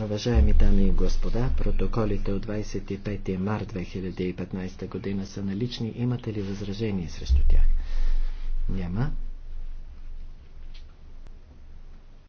Уважаеми дами и господа, протоколите от 25 март 2015 година са налични. Имате ли възражение срещу тях? Няма.